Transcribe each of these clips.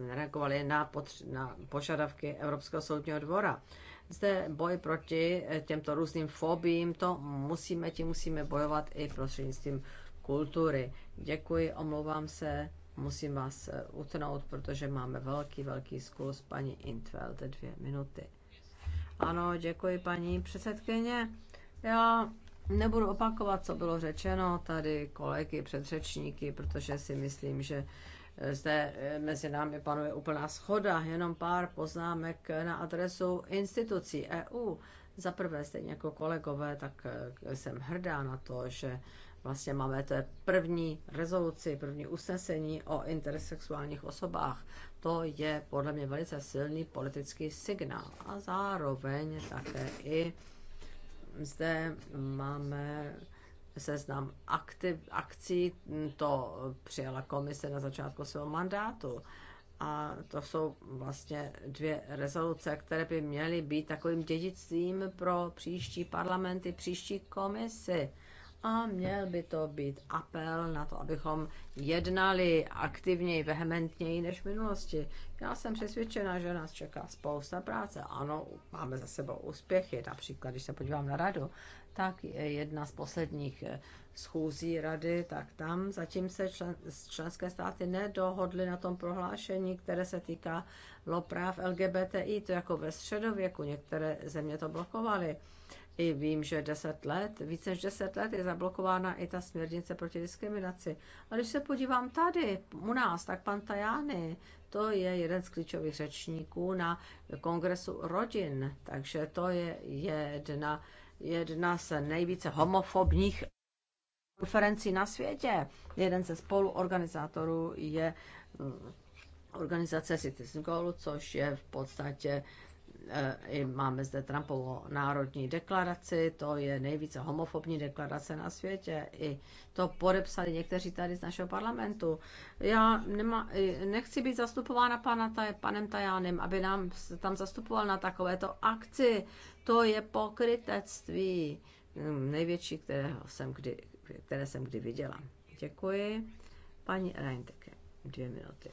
nereagovali na, potř- na požadavky Evropského soudního dvora. Zde boj proti těmto různým fobím, to musíme, tím musíme bojovat i prostřednictvím kultury. Děkuji, omlouvám se, musím vás eh, utnout, protože máme velký, velký zkus paní Intveld, dvě minuty. Ano, děkuji paní předsedkyně. Já nebudu opakovat, co bylo řečeno tady kolegy, předřečníky, protože si myslím, že zde eh, mezi námi panuje úplná schoda, jenom pár poznámek eh, na adresu institucí EU. Za prvé, stejně jako kolegové, tak eh, jsem hrdá na to, že vlastně máme té první rezoluci, první usnesení o intersexuálních osobách. To je podle mě velice silný politický signál a zároveň také i zde máme seznam aktiv, akcí, to přijala komise na začátku svého mandátu. A to jsou vlastně dvě rezoluce, které by měly být takovým dědictvím pro příští parlamenty, příští komisy. A měl by to být apel na to, abychom jednali aktivněji, vehementněji než v minulosti. Já jsem přesvědčena, že nás čeká spousta práce. Ano, máme za sebou úspěchy. Například, když se podívám na radu, tak jedna z posledních eh, schůzí rady, tak tam zatím se člen, členské státy nedohodly na tom prohlášení, které se týká lopráv LGBTI, to jako ve středověku, některé země to blokovaly. I vím, že 10 let, více než 10 let je zablokována i ta směrnice proti diskriminaci. A když se podívám tady, u nás, tak pan Tajány, to je jeden z klíčových řečníků na kongresu rodin, takže to je jedna jedna z nejvíce homofobních konferencí na světě. Jeden ze spoluorganizátorů je mm, organizace Citizen Goal, což je v podstatě Eh, máme zde Trumpovo národní deklaraci, to je nejvíce homofobní deklarace na světě. I to podepsali někteří tady z našeho parlamentu. Já nema, nechci být zastupována pana, panem Tajánem, aby nám tam zastupoval na takovéto akci. To je pokrytectví mm, největší, které jsem kdy, které jsem kdy viděla. Děkuji. Paní Reinteke, dvě minuty.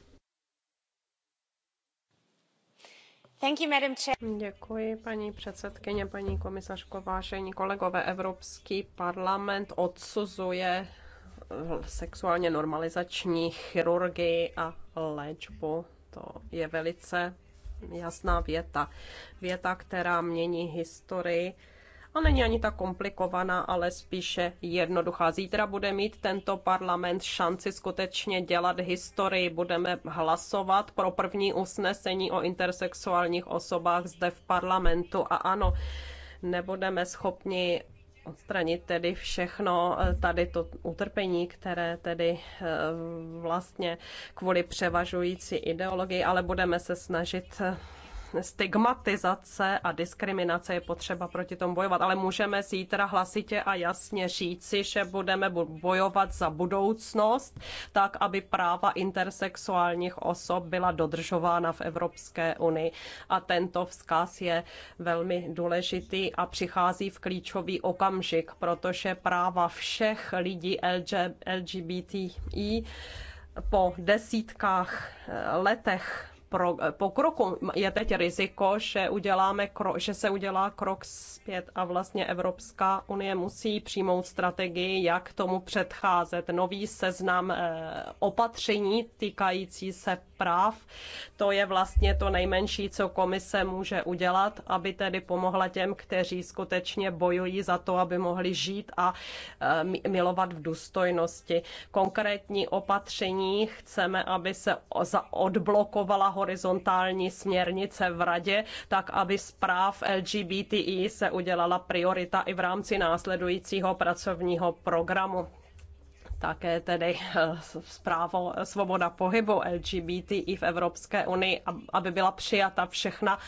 Děkuji, paní předsedkyně, paní komisařko, vážení kolegové. Evropský parlament odsuzuje eh, sexuálně normalizační chirurgii a léčbu. To je velice jasná věta. Věta, která mění historii a není ani tak komplikovaná, ale spíše jednoduchá. Zítra bude mít tento parlament šanci skutečně dělat historii. Budeme hlasovat pro první usnesení o intersexuálních osobách zde v parlamentu. A ano, nebudeme schopni odstranit tedy všechno eh, tady to utrpení, které tedy eh, vlastně kvůli převažující ideologii, ale budeme se snažit eh, stigmatizace a diskriminace je potřeba proti tomu bojovat, ale můžeme zítra hlasitě a jasně říci, že budeme bojovat za budoucnost, tak aby práva intersexuálních osob byla dodržována v Evropské unii. A tento vzkaz je velmi důležitý a přichází v klíčový okamžik, protože práva všech lidí LGBTI po desítkách letech pokroku. Je teď riziko, že, uděláme kro, že se udělá krok zpět a vlastně Evropská unie musí přijmout strategii, jak tomu předcházet. Nový seznam eh, opatření týkající se práv, to je vlastně to nejmenší, co komise může udělat, aby tedy pomohla těm, kteří skutečně bojují za to, aby mohli žít a eh, milovat v důstojnosti. Konkrétní opatření chceme, aby se odblokovala horizontální směrnice v radě, tak aby zpráv LGBTI se udělala priorita i v rámci následujícího pracovního programu také tedy eh, zprávo svoboda pohybu LGBTI v Evropské unii, aby byla přijata všechna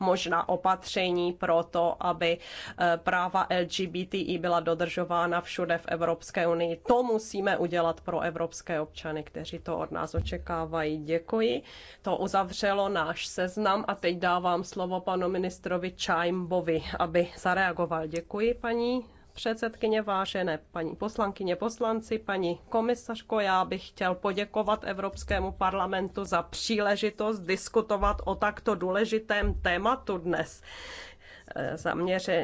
možná opatření pro to, aby eh, práva LGBTI byla dodržována všude v Evropské unii. To musíme udělat pro evropské občany, kteří to od nás očekávají. Děkuji. To uzavřelo náš seznam a teď dávám slovo panu ministrovi Čajmbovi, aby zareagoval. Děkuji, paní předsedkyně, vážené paní poslankyně, poslanci, paní komisařko, já bych chtěl poděkovat Evropskému parlamentu za příležitost diskutovat o takto důležitém tématu dnes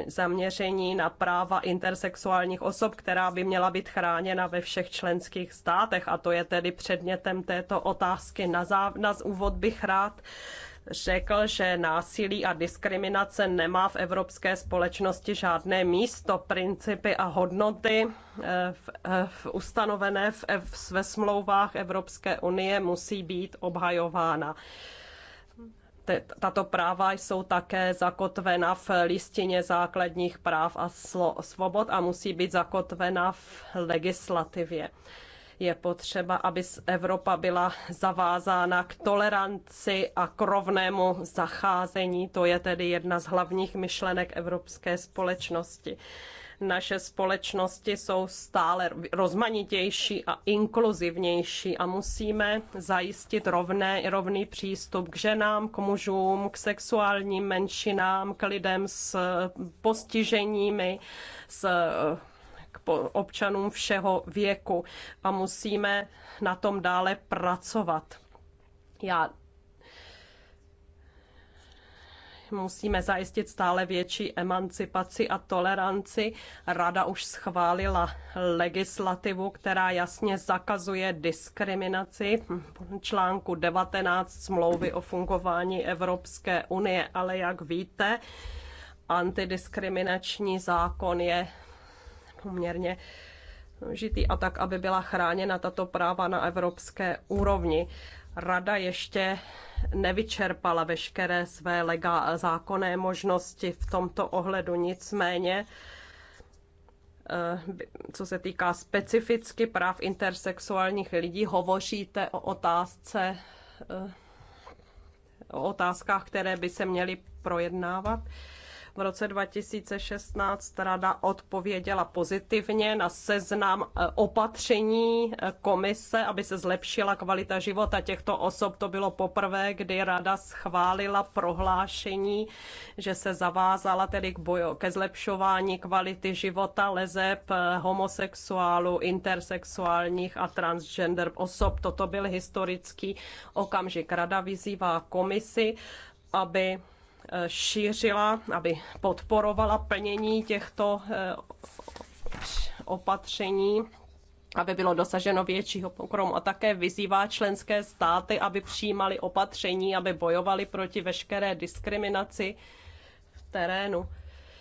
zaměření na práva intersexuálních osob, která by měla být chráněna ve všech členských státech. A to je tedy předmětem této otázky. Na, záv, na úvod bych rád řekl, že násilí a diskriminace nemá v evropské společnosti žádné místo. Principy a hodnoty eh, v, eh, v ustanovené v, eh, v, ve smlouvách Evropské unie musí být obhajována tato práva jsou také zakotvena v listině základních práv a svobod a musí být zakotvena v legislativě. Je potřeba, aby Evropa byla zavázána k toleranci a k rovnému zacházení. To je tedy jedna z hlavních myšlenek evropské společnosti naše společnosti jsou stále rozmanitější a inkluzivnější a musíme zajistit rovné, rovný přístup k ženám, k mužům, k sexuálním menšinám, k lidem s postiženími, s občanům všeho věku a musíme na tom dále pracovat. Já musíme zajistit stále větší emancipaci a toleranci. Rada už schválila legislativu, která jasně zakazuje diskriminaci článku 19 smlouvy o fungování Evropské unie, ale jak víte, antidiskriminační zákon je poměrně žitý a tak, aby byla chráněna tato práva na evropské úrovni. Rada ještě nevyčerpala veškeré své legá- zákonné možnosti v tomto ohledu, nicméně eh, co se týká specificky práv intersexuálních lidí, hovoříte o otázce eh, o otázkách, které by se měly projednávat. V roce 2016 rada odpověděla pozitivně na seznam e, opatření e, komise, aby se zlepšila kvalita života těchto osob. To bylo poprvé, kdy rada schválila prohlášení, že se zavázala tedy k boju, ke zlepšování kvality života lezeb e, homosexuálů, intersexuálních a transgender osob. Toto byl historický okamžik. Rada vyzývá komisi, aby šířila, aby podporovala plnění těchto eh, opatření aby bylo dosaženo většího pokromu a také vyzývá členské státy, aby přijímali opatření, aby bojovali proti veškeré diskriminaci v terénu.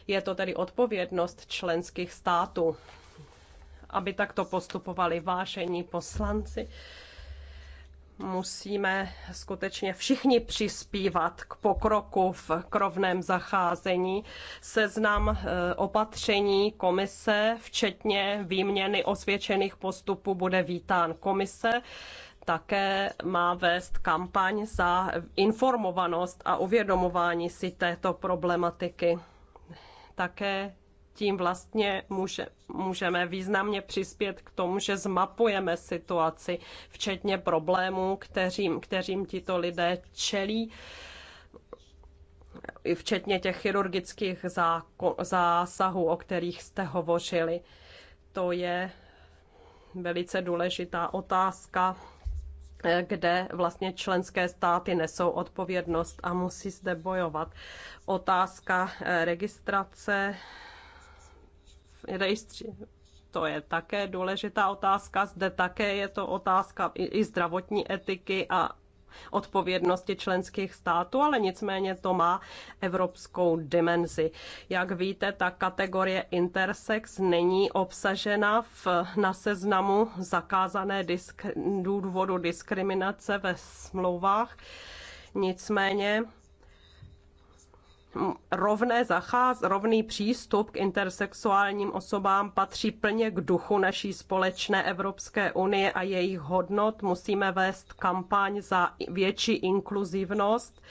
Je to tedy odpovědnost členských států, aby takto postupovali vážení poslanci musíme skutečně všichni přispívat k pokroku v krovném zacházení. Seznam eh, opatření komise, včetně výměny osvědčených postupů, bude vítán komise také má vést kampaň za informovanost a uvědomování si této problematiky. Také tím vlastně může, můžeme významně přispět k tomu, že zmapujeme situaci, včetně problémů, kterým, kterým tito lidé čelí i včetně těch chirurgických zásahů, o kterých jste hovořili. To je velice důležitá otázka, kde vlastně členské státy nesou odpovědnost a musí zde bojovat. Otázka registrace rejstři. To je také důležitá otázka. Zde také je to otázka i, i zdravotní etiky a odpovědnosti členských států, ale nicméně to má evropskou dimenzi. Jak víte, ta kategorie intersex není obsažena v, na seznamu zakázané disk, důvodu diskriminace ve smlouvách. Nicméně No, rovné zacház, rovný přístup k intersexuálním osobám patří plně k duchu naší společné Evropské unie a jejich hodnot. Musíme vést kampaň za větší inkluzivnost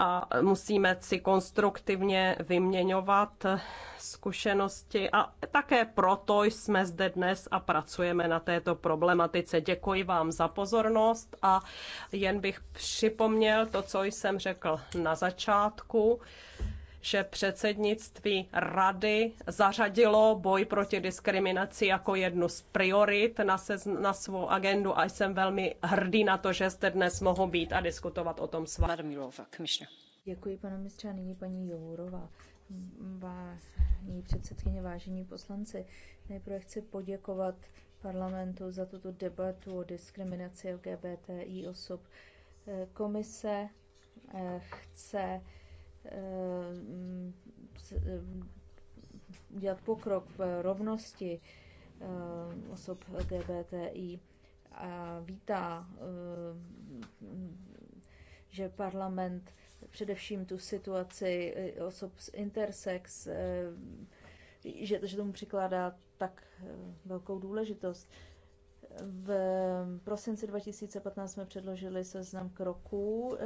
a musíme si konstruktivně vyměňovat zkušenosti a také proto jsme zde dnes a pracujeme na této problematice. Děkuji vám za pozornost a jen bych připomněl to, co jsem řekl na začátku že předsednictví rady zařadilo boj proti diskriminaci jako jednu z priorit na, se, na svou agendu a jsem velmi hrdý na to, že zde dnes mohu být a diskutovat o tom s vámi. Děkuji, pane mistře, a nyní paní Jourová. Vážení předsedkyně, vážení poslanci, nejprve chci poděkovat parlamentu za tuto debatu o diskriminaci LGBTI osob. Eh, komise eh, chce Eh, mm, eh, dělat pokrok v rovnosti eh, osob LGBTI a vítá, že parlament především tu situaci osob s intersex, že, že tomu přikládá tak velkou důležitost. V prosinci 2015 jsme předložili seznam kroků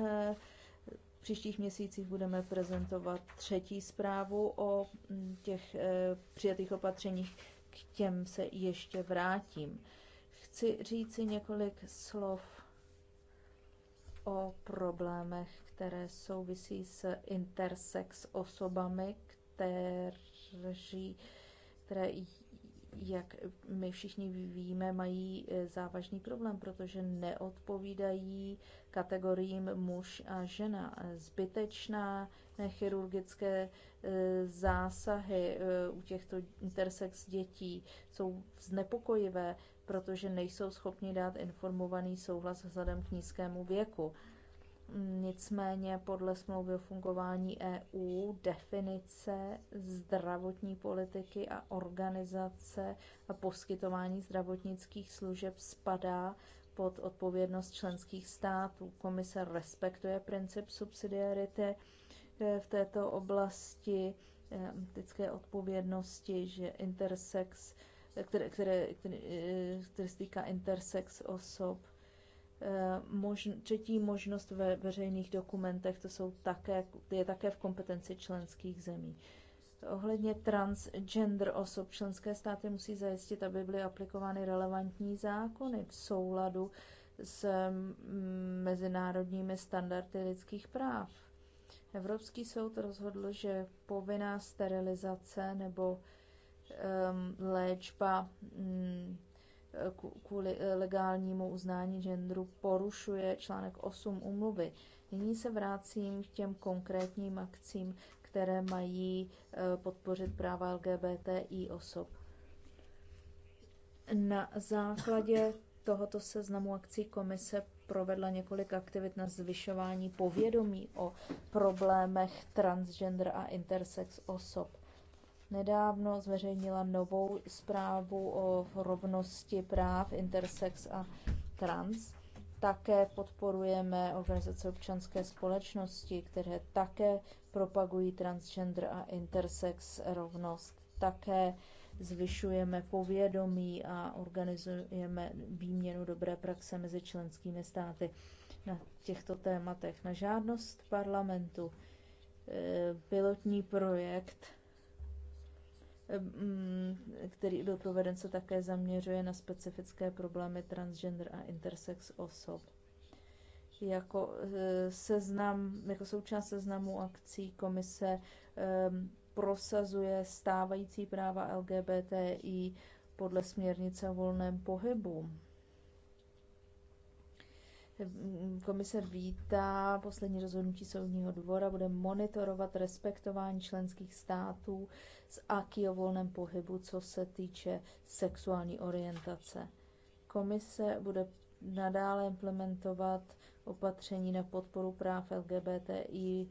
příštích měsících budeme prezentovat třetí zprávu o mm, těch e, přijatých opatřeních, k těm se ještě vrátím. Chci říci několik slov o problémech, které souvisí s intersex osobami, které, které jak my všichni víme, mají e, závažný problém, protože neodpovídají kategoriím muž a žena. E, zbytečná chirurgické e, zásahy u těchto intersex dětí jsou znepokojivé, protože nejsou schopni dát informovaný souhlas vzhledem k nízkému věku. Nicméně podle smlouvy o fungování EU definice zdravotní politiky a organizace a poskytování zdravotnických služeb spadá pod odpovědnost členských států. Komise respektuje princip subsidiarity eh, v této oblasti eh, etické odpovědnosti, že intersex, eh, které, které, které, které se týká intersex osob Eh, možn, třetí možnost ve veřejných dokumentech, to jsou také, je také v kompetenci členských zemí. Ohledně transgender osob členské státy musí zajistit, aby byly aplikovány relevantní zákony v souladu s mm, mezinárodními standardy lidských práv. Evropský soud rozhodl, že povinná sterilizace nebo um, léčba um, kvůli eh, legálnímu uznání genderu porušuje článek 8 umluvy. Nyní se vracím k těm konkrétním akcím, které mají eh, podpořit práva LGBTI osob. Na základě tohoto seznamu akcí komise provedla několik aktivit na zvyšování povědomí o problémech transgender a intersex osob nedávno zveřejnila novou zprávu o rovnosti práv intersex a trans. Také podporujeme organizace občanské společnosti, které také propagují transgender a intersex rovnost. Také zvyšujeme povědomí a organizujeme výměnu dobré praxe mezi členskými státy na těchto tématech. Na žádnost parlamentu eh, pilotní projekt Eh, mm, který byl proveden, se také zaměřuje na specifické problémy transgender a intersex osob. Jako, eh, seznam, jako součást seznamu akcí komise eh, prosazuje stávající práva LGBTI podle směrnice o volném pohybu. Komise vítá poslední rozhodnutí soudního dvora, bude monitorovat respektování členských států s aký o volném pohybu, co se týče sexuální orientace. Komise bude nadále implementovat opatření na podporu práv LGBTI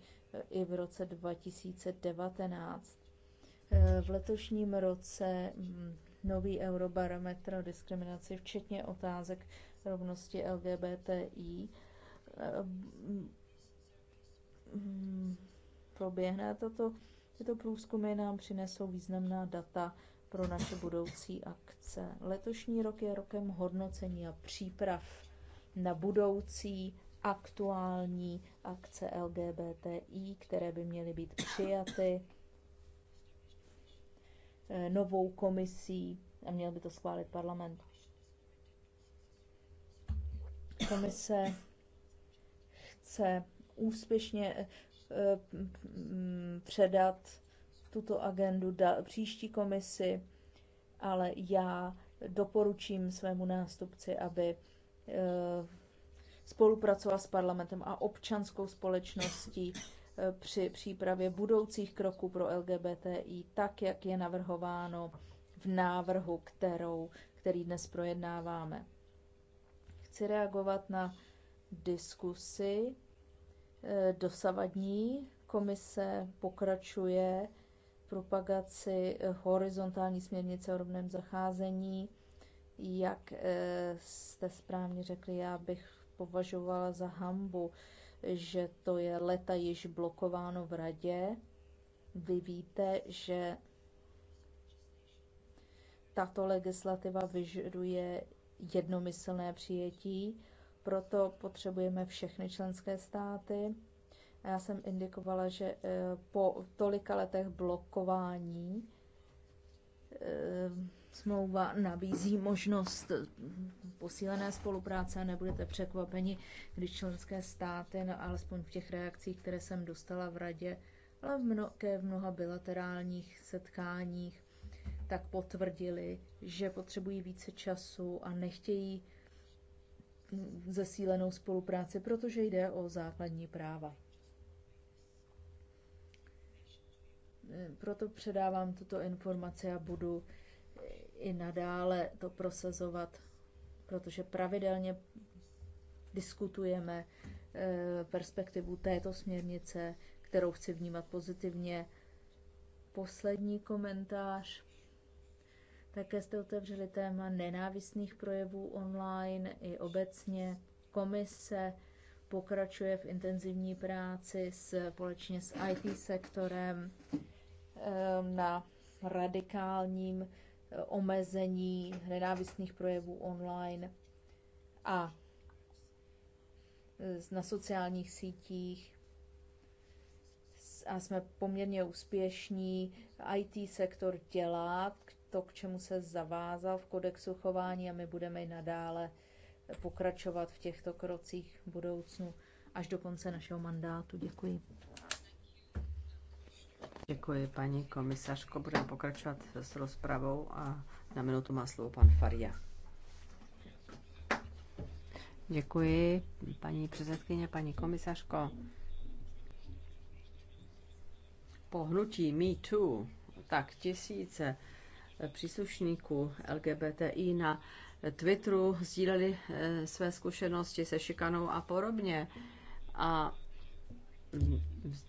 i v roce 2019. V letošním roce nový eurobarometr o diskriminaci, včetně otázek rovnosti LGBTI eh, proběhne. A tato, tyto průzkumy nám přinesou významná data pro naše budoucí akce. Letošní rok je rokem hodnocení a příprav na budoucí aktuální akce LGBTI, které by měly být přijaty eh, novou komisí a měl by to schválit parlament. Komise chce úspěšně eh, eh, předat tuto agendu příští komisi, ale já doporučím svému nástupci, aby eh, spolupracoval s parlamentem a občanskou společností při přípravě budoucích kroků pro LGBTI, tak jak je navrhováno v návrhu, kterou, který dnes projednáváme chci reagovat na diskusy. Eh, dosavadní. Komise pokračuje propagaci eh, horizontální směrnice o rovném zacházení. Jak eh, jste správně řekli, já bych považovala za hambu, že to je leta již blokováno v radě. Vy víte, že tato legislativa vyžaduje jednomyslné přijetí, proto potřebujeme všechny členské státy. A já jsem indikovala, že eh, po tolika letech blokování eh, smlouva nabízí možnost eh, posílené spolupráce a nebudete překvapeni, když členské státy, no alespoň v těch reakcích, které jsem dostala v radě, ale v mnoha bilaterálních setkáních, tak potvrdili, že potřebují více času a nechtějí zesílenou spolupráci, protože jde o základní práva. Proto předávám tuto informaci a budu i nadále to prosazovat, protože pravidelně diskutujeme eh, perspektivu této směrnice, kterou chci vnímat pozitivně. Poslední komentář. Také jste otevřeli téma nenávistných projevů online i obecně. Komise pokračuje v intenzivní práci společně s IT sektorem ehm, na radikálním eh, omezení nenávistných projevů online a eh, na sociálních sítích a jsme poměrně úspěšní. IT sektor dělá to, k čemu se zavázal v kodexu chování a my budeme i nadále pokračovat v těchto krocích v budoucnu až do konce našeho mandátu. Děkuji. Děkuji, paní komisařko. Budeme pokračovat s rozpravou a na minutu má slovo pan Faria. Děkuji, paní předsedkyně, paní komisařko. Pohnutí Me Too, tak tisíce příslušníků LGBTI na Twitteru sdíleli eh, své zkušenosti se šikanou a podobně. A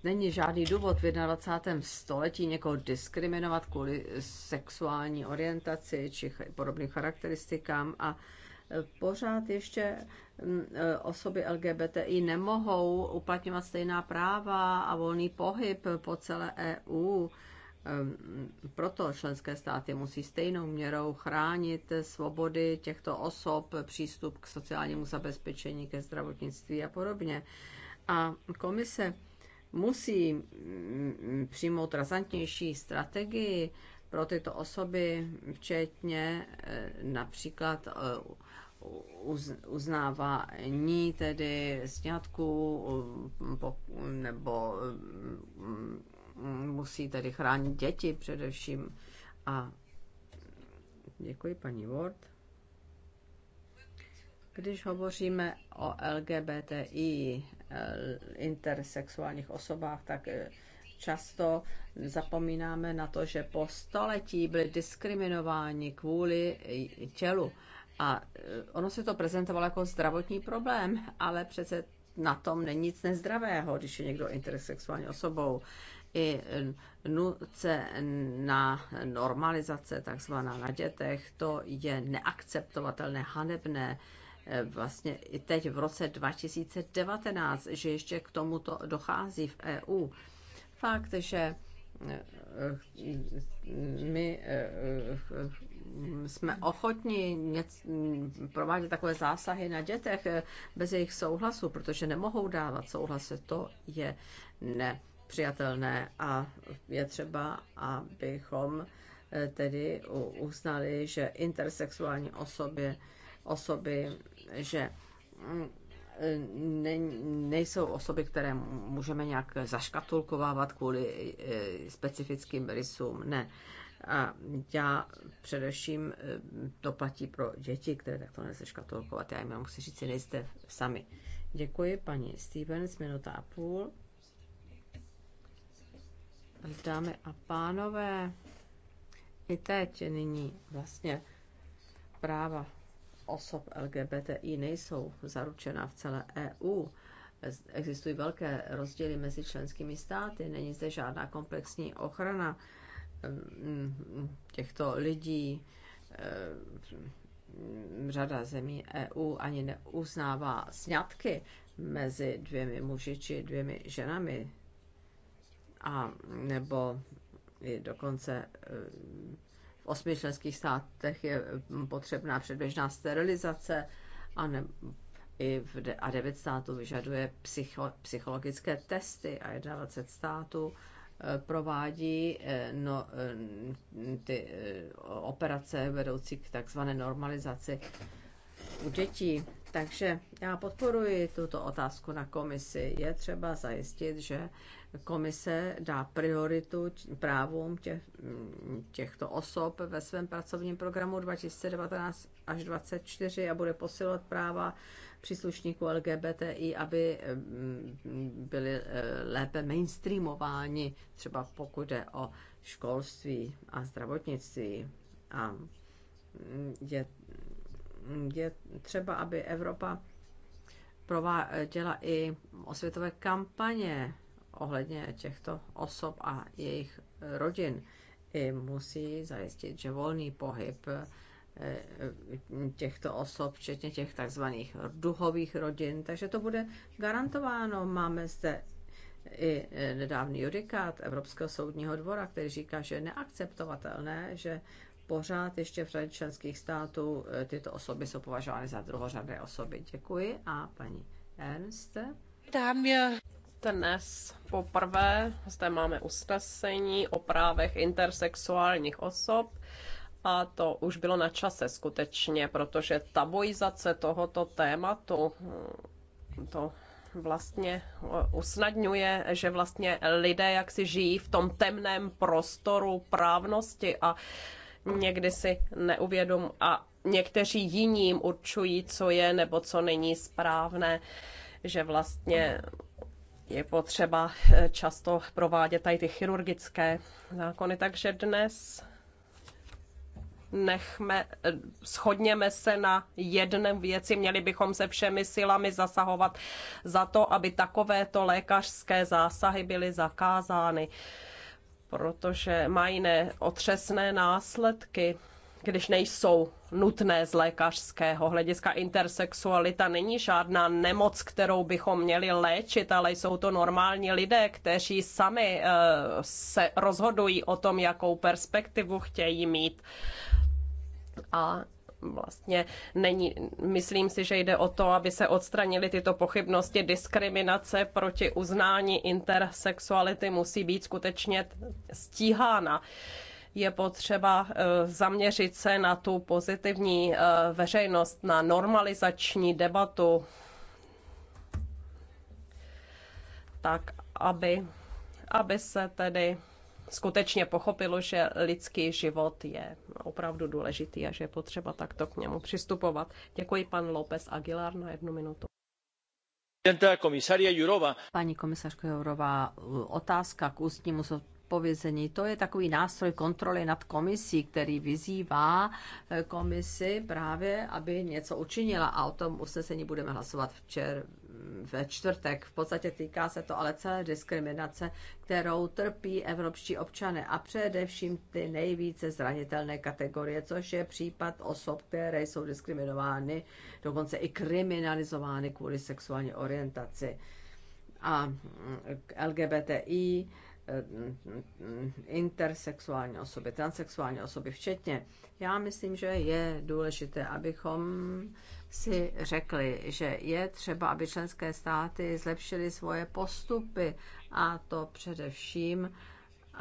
není žádný důvod v 21. století někoho diskriminovat kvůli sexuální orientaci či podobným charakteristikám a eh, pořád ještě mm, eh, osoby LGBTI nemohou uplatňovat stejná práva a volný pohyb po celé EU Ehm, proto členské státy musí stejnou měrou chránit svobody těchto osob, přístup k sociálnímu zabezpečení, ke zdravotnictví a podobně. A komise musí mm, mm, přijmout razantnější strategii pro tyto osoby, včetně eh, například eh, uznávání tedy sňatků eh, nebo musí tedy chránit děti především. A děkuji, paní Ward. Když hovoříme o LGBTI, eh, intersexuálních osobách, tak eh, často zapomínáme na to, že po století byli diskriminováni kvůli tělu. A eh, ono se to prezentovalo jako zdravotní problém, ale přece na tom není nic nezdravého, když je někdo intersexuální osobou i nucená normalizace, takzvaná na dětech, to je neakceptovatelné, hanebné. E, vlastně i teď v roce 2019, že ještě k tomuto dochází v EU. Fakt, že e, my e, jsme ochotni provádět takové zásahy na dětech bez jejich souhlasu, protože nemohou dávat souhlas, to je ne přijatelné a je třeba, abychom eh, tedy uznali, že intersexuální osoby, osoby že mm, ne, nejsou osoby, které můžeme nějak zaškatulkovávat kvůli eh, specifickým rysům. Ne. A já především eh, to platí pro děti, které takto nelze škatulkovat. Já jim musím říct, že nejste sami. Děkuji paní Stevens, minuta a půl dámy a pánové, i teď nyní vlastně práva osob LGBTI nejsou zaručena v celé EU. Existují velké rozdíly mezi členskými státy, není zde žádná komplexní ochrana mm, těchto lidí. Eh, řada zemí EU ani neuznává sňatky mezi dvěmi muži či dvěmi ženami a nebo i dokonce eh, v osmi členských státech je hm, potřebná předběžná sterilizace a ne, i v de, a devět států vyžaduje psycho, psychologické testy a 21 států eh, provádí eh, no, ty operace vedoucí k takzvané normalizaci u dětí. Takže já podporuji tuto otázku na komisi. Je třeba zajistit, že komise dá prioritu právům těch, těchto osob ve svém pracovním programu 2019 až 2024 a bude posilovat práva příslušníků LGBTI, aby mm, byli eh, lépe mainstreamováni, třeba pokud jde o školství a zdravotnictví. A mm, je je třeba, aby Evropa prováděla i osvětové kampaně ohledně těchto osob a jejich rodin. I musí zajistit, že volný pohyb eh, těchto osob, včetně těch takzvaných duhových rodin, takže to bude garantováno. Máme zde i eh, nedávný judikát Evropského soudního dvora, který říká, že je neakceptovatelné, že pořád ještě v řadě členských států e, tyto osoby jsou považovány za druhořadé osoby. Děkuji. A paní Ernst? Tam je dnes poprvé, zde máme usnesení o právech intersexuálních osob a to už bylo na čase skutečně, protože tabuizace tohoto tématu hm, to vlastně e, usnadňuje, že vlastně lidé jak si žijí v tom temném prostoru právnosti a někdy si neuvědom a někteří jiním určují, co je nebo co není správné, že vlastně je potřeba eh, často provádět tady ty chirurgické zákony. Takže dnes nechme, eh, shodněme se na jedné věci, měli bychom se všemi silami zasahovat za to, aby takovéto lékařské zásahy byly zakázány protože mají neotřesné následky, když nejsou nutné z lékařského hlediska. Intersexualita není žádná nemoc, kterou bychom měli léčit, ale jsou to normální lidé, kteří sami eh, se rozhodují o tom, jakou perspektivu chtějí mít. A vlastně není, myslím si, že jde o to, aby se odstranily tyto pochybnosti. Diskriminace proti uznání intersexuality musí být skutečně stíhána je potřeba eh, zaměřit se na tu pozitivní eh, veřejnost, na normalizační debatu, tak aby, aby se tedy skutečně pochopilo, že lidský život je opravdu důležitý a že je potřeba takto k němu přistupovat. Děkuji pan López Aguilar na jednu minutu. Paní komisařko Jourová, otázka k ústnímu zodpovězení. To je takový nástroj kontroly nad komisí, který vyzývá eh, komisi právě, aby něco učinila a o tom usnesení budeme hlasovat včer, ve čtvrtek. V podstatě týká se to ale celé diskriminace, kterou trpí evropští občané a především ty nejvíce zranitelné kategorie, což je případ osob, které jsou diskriminovány, dokonce i kriminalizovány kvůli sexuální orientaci a mm, LGBTI Eh, intersexuální osoby, transexuální osoby včetně. Já myslím, že je důležité, abychom si řekli, že je třeba, aby členské státy zlepšily svoje postupy a to především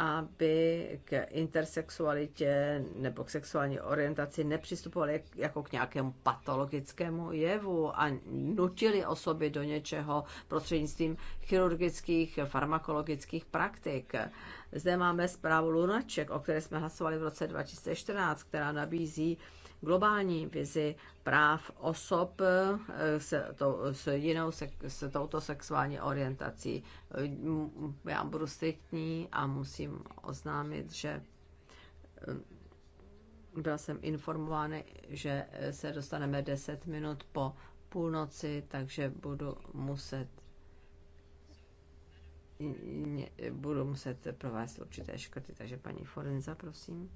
aby k intersexualitě nebo k sexuální orientaci nepřistupovali jako k nějakému patologickému jevu a nutili osoby do něčeho prostřednictvím chirurgických, farmakologických praktik. Zde máme zprávu Lunaček, o které jsme hlasovali v roce 2014, která nabízí globální vizi práv osob eh, s, to, s jinou, se, s touto sexuální orientací. Já budu striktní a musím oznámit, že eh, byla jsem informována, že se dostaneme 10 minut po půlnoci, takže budu muset budu muset provést určité škrty, takže paní Forenza, prosím.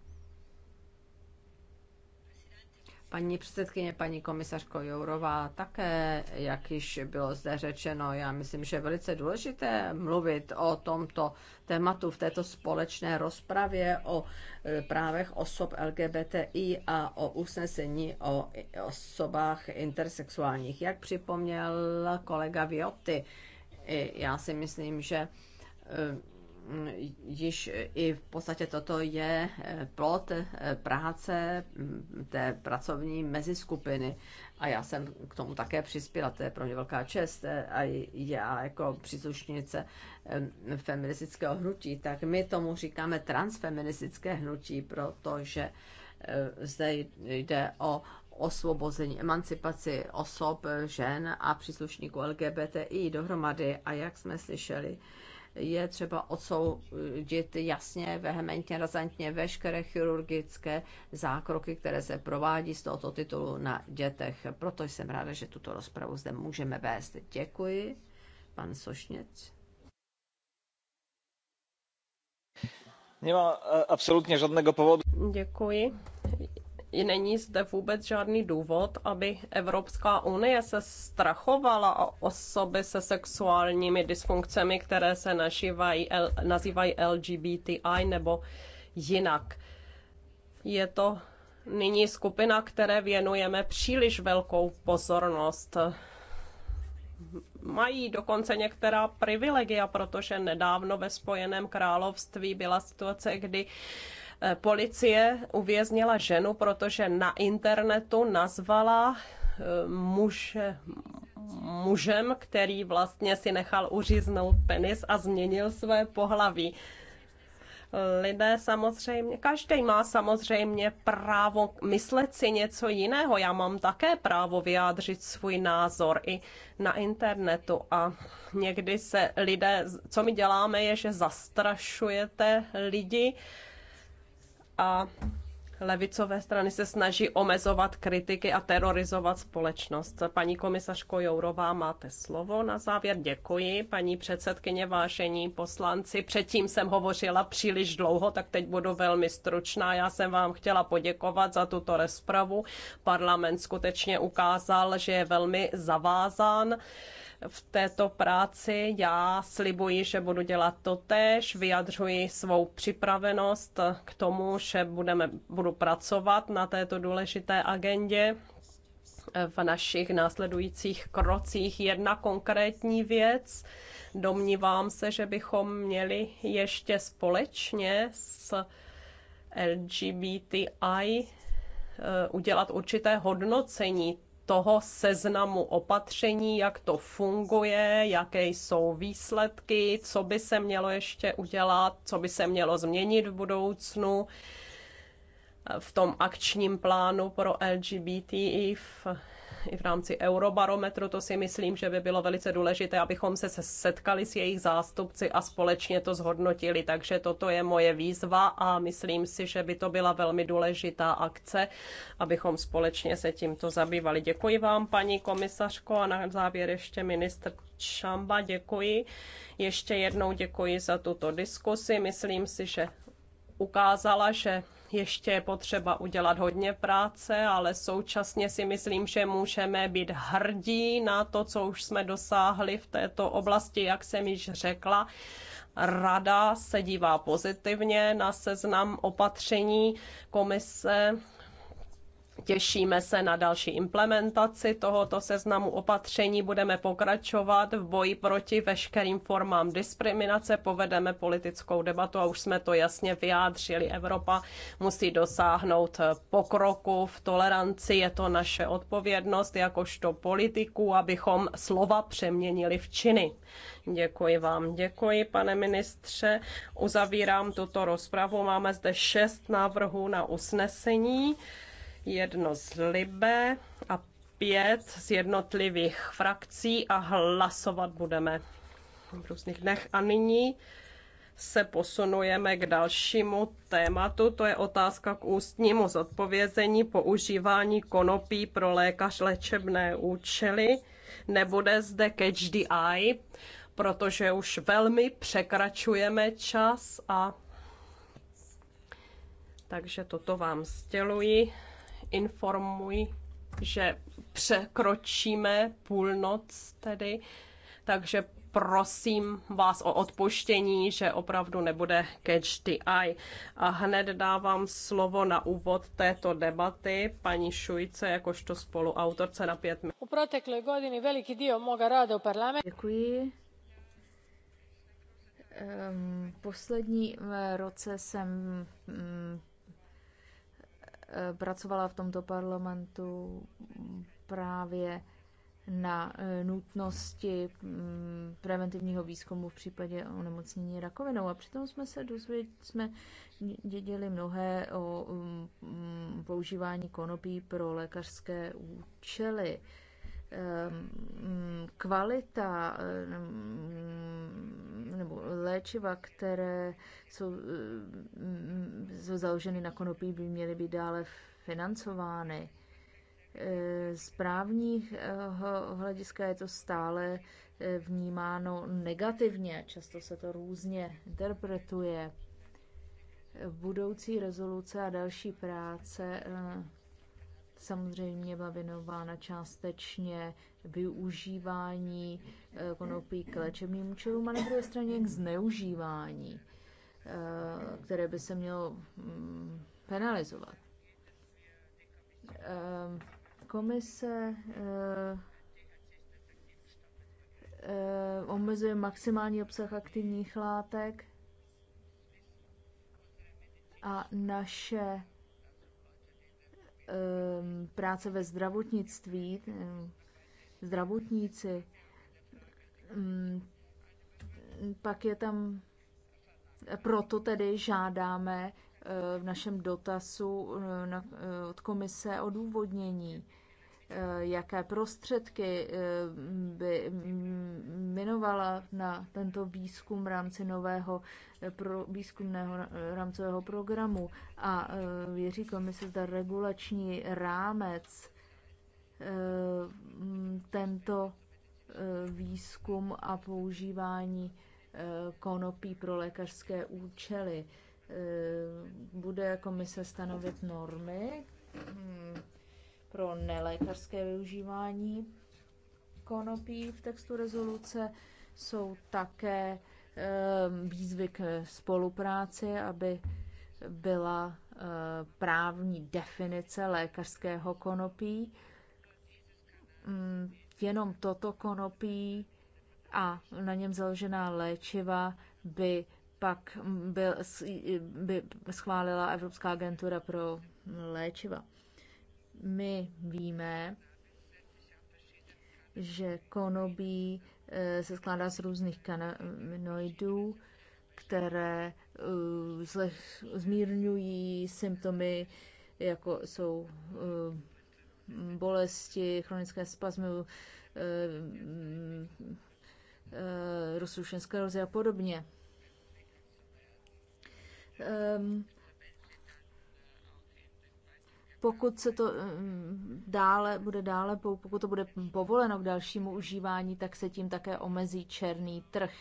Paní předsedkyně, paní komisařko Jourová, také, jak již bylo zde řečeno, já myslím, že je velice důležité mluvit o tomto tématu v této společné rozpravě o e, právech osob LGBTI a o usnesení o osobách intersexuálních. Jak připomněl kolega Vioty, já si myslím, že e, již i v podstatě toto je eh, plot eh, práce mm, té pracovní meziskupiny. A já jsem k tomu také přispěla, to je pro mě velká čest. Eh, a já jako příslušnice feministického hnutí, tak my tomu říkáme transfeministické hnutí, protože zde jde o osvobození, emancipaci osob, žen a příslušníků LGBTI dohromady. A jak jsme slyšeli, je třeba odsoudit jasně, vehementně, razantně veškeré chirurgické zákroky, které se provádí z tohoto titulu na dětech. Proto jsem ráda, že tuto rozpravu zde můžeme vést. Děkuji. Pan Sošněc. Nemá eh, absolutně žádného povodu. Děkuji není zde vůbec žádný důvod, aby Evropská unie se strachovala o osoby se sexuálními dysfunkcemi, které se nažívají, nazývají LGBTI nebo jinak. Je to nyní skupina, které věnujeme příliš velkou pozornost. Mají dokonce některá privilegia, protože nedávno ve Spojeném království byla situace, kdy Eh, policie uvěznila ženu, protože na internetu nazvala eh, muže, mužem, který vlastně si nechal uříznout penis a změnil své pohlaví eh, lidé samozřejmě, každý má samozřejmě právo myslet si něco jiného. Já mám také právo vyjádřit svůj názor i na internetu a někdy se lidé, co my děláme, je, že zastrašujete lidi a levicové strany se snaží omezovat kritiky a terorizovat společnost. Paní komisařko Jourová, máte slovo na závěr. Děkuji, paní předsedkyně, vážení poslanci. Předtím jsem hovořila příliš dlouho, tak teď budu velmi stručná. Já jsem vám chtěla poděkovat za tuto rozpravu. Parlament skutečně ukázal, že je velmi zavázán v této práci. Já slibuji, že budu dělat to tež, vyjadřuji svou připravenost k tomu, že budeme, budu pracovat na této důležité agendě v našich následujících krocích. Jedna konkrétní věc, domnívám se, že bychom měli ještě společně s LGBTI eh, udělat určité hodnocení toho seznamu opatření, jak to funguje, jaké jsou výsledky, co by se mělo ještě udělat, co by se mělo změnit v budoucnu v tom akčním plánu pro LGBTI v i v rámci Eurobarometru, to si myslím, že by bylo velice důležité, abychom se setkali s jejich zástupci a společně to zhodnotili. Takže toto je moje výzva a myslím si, že by to byla velmi důležitá akce, abychom společně se tímto zabývali. Děkuji vám, paní komisařko, a na závěr ještě ministr Čamba. děkuji. Ještě jednou děkuji za tuto diskusi. Myslím si, že ukázala, že ještě je potřeba udělat hodně práce, ale současně si myslím, že můžeme být hrdí na to, co už jsme dosáhli v této oblasti, jak jsem již řekla. Rada se dívá pozitivně na seznam opatření komise Těšíme se na další implementaci tohoto seznamu opatření. Budeme pokračovat v boji proti veškerým formám diskriminace. Povedeme politickou debatu a už jsme to jasně vyjádřili. Evropa musí dosáhnout pokroku v toleranci. Je to naše odpovědnost jakožto politiků, abychom slova přeměnili v činy. Děkuji vám. Děkuji, pane ministře. Uzavírám tuto rozpravu. Máme zde šest návrhů na usnesení jedno z Libe a pět z jednotlivých frakcí a hlasovat budeme v různých dnech. A nyní se posunujeme k dalšímu tématu, to je otázka k ústnímu zodpovězení používání konopí pro lékař léčebné účely. Nebude zde catch the eye, protože už velmi překračujeme čas a takže toto vám sděluji. Informuji, že překročíme půlnoc tedy, takže prosím vás o odpuštění, že opravdu nebude catch the eye. A hned dávám slovo na úvod této debaty paní Šujce jakožto spoluautorce na pět minut. U proteklé godiny veliký díl moga ráda u parlamentu. Děkuji. Um, poslední eh, roce jsem um, Eh, pracovala v tomto parlamentu právě na eh, nutnosti mm, preventivního výzkumu v případě onemocnění rakovinou. A přitom jsme se dozvěděli, jsme dědili mnohé o mm, používání konopí pro lékařské účely. Ehm, mm, kvalita ehm, mm, nebo léčiva, které jsou, ehm, jsou založeny na konopí, by měly být dále financovány. Eh, z právního eh, hlediska je to stále eh, vnímáno negativně, často se to různě interpretuje. Budoucí rezoluce a další práce samozřejmě byla věnována částečně využívání eh, konopí k léčebným účelům a na druhé straně k zneužívání, eh, které by se mělo mm, penalizovat. Eh, komise omezuje maximální obsah aktivních látek a naše Ehm, práce ve zdravotnictví, ehm, zdravotníci, ehm, pak je tam, e, proto tedy žádáme e, v našem dotazu e, od komise o důvodnění. Eh, jaké prostředky eh, by minovala na tento výzkum v rámci nového eh, pro, výzkumného rámcového programu a věří komise, zda regulační rámec tento výzkum a používání konopí pro lékařské účely. Bude komise stanovit normy, hmm pro nelékařské využívání konopí v textu rezoluce. Jsou také ehm, výzvy k spolupráci, aby byla ehm, právní definice lékařského konopí. Mm, jenom toto konopí a na něm založená léčiva by pak by schválila Evropská agentura pro léčiva. My víme, že konobí eh, se skládá z různých kanabinoidů, které eh, zmírňují symptomy, jako jsou eh, bolesti, chronické spazmy, rozrušené sklerozy a podobně. Ehm, pokud se to eh, dále, bude dále, pokud to bude povoleno k dalšímu užívání, tak se tím také omezí černý trh.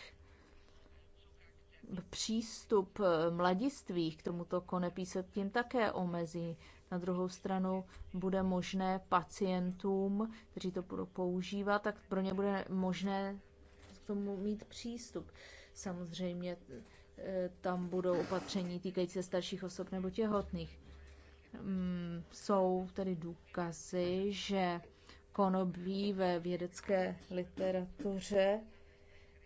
Přístup eh, mladistvých k tomuto konepí se tím také omezí. Na druhou stranu bude možné pacientům, kteří to budou používat, tak pro ně bude možné k tomu mít přístup. Samozřejmě eh, tam budou opatření týkající se starších osob nebo těhotných. Mm, jsou tedy důkazy, že konobí ve vědecké literatuře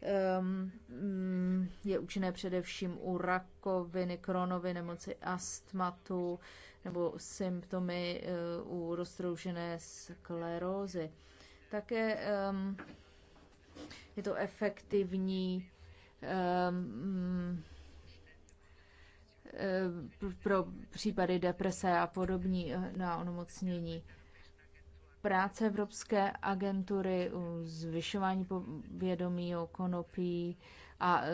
ehm, mm, je účinné především u rakoviny, kronovy, nemoci astmatu nebo symptomy eh, u roztroušené sklerózy. Také ehm, je to efektivní ehm, mm, Eh, pro případy deprese a podobní eh, na onemocnění. Práce Evropské agentury, zvyšování vědomí o konopí a eh,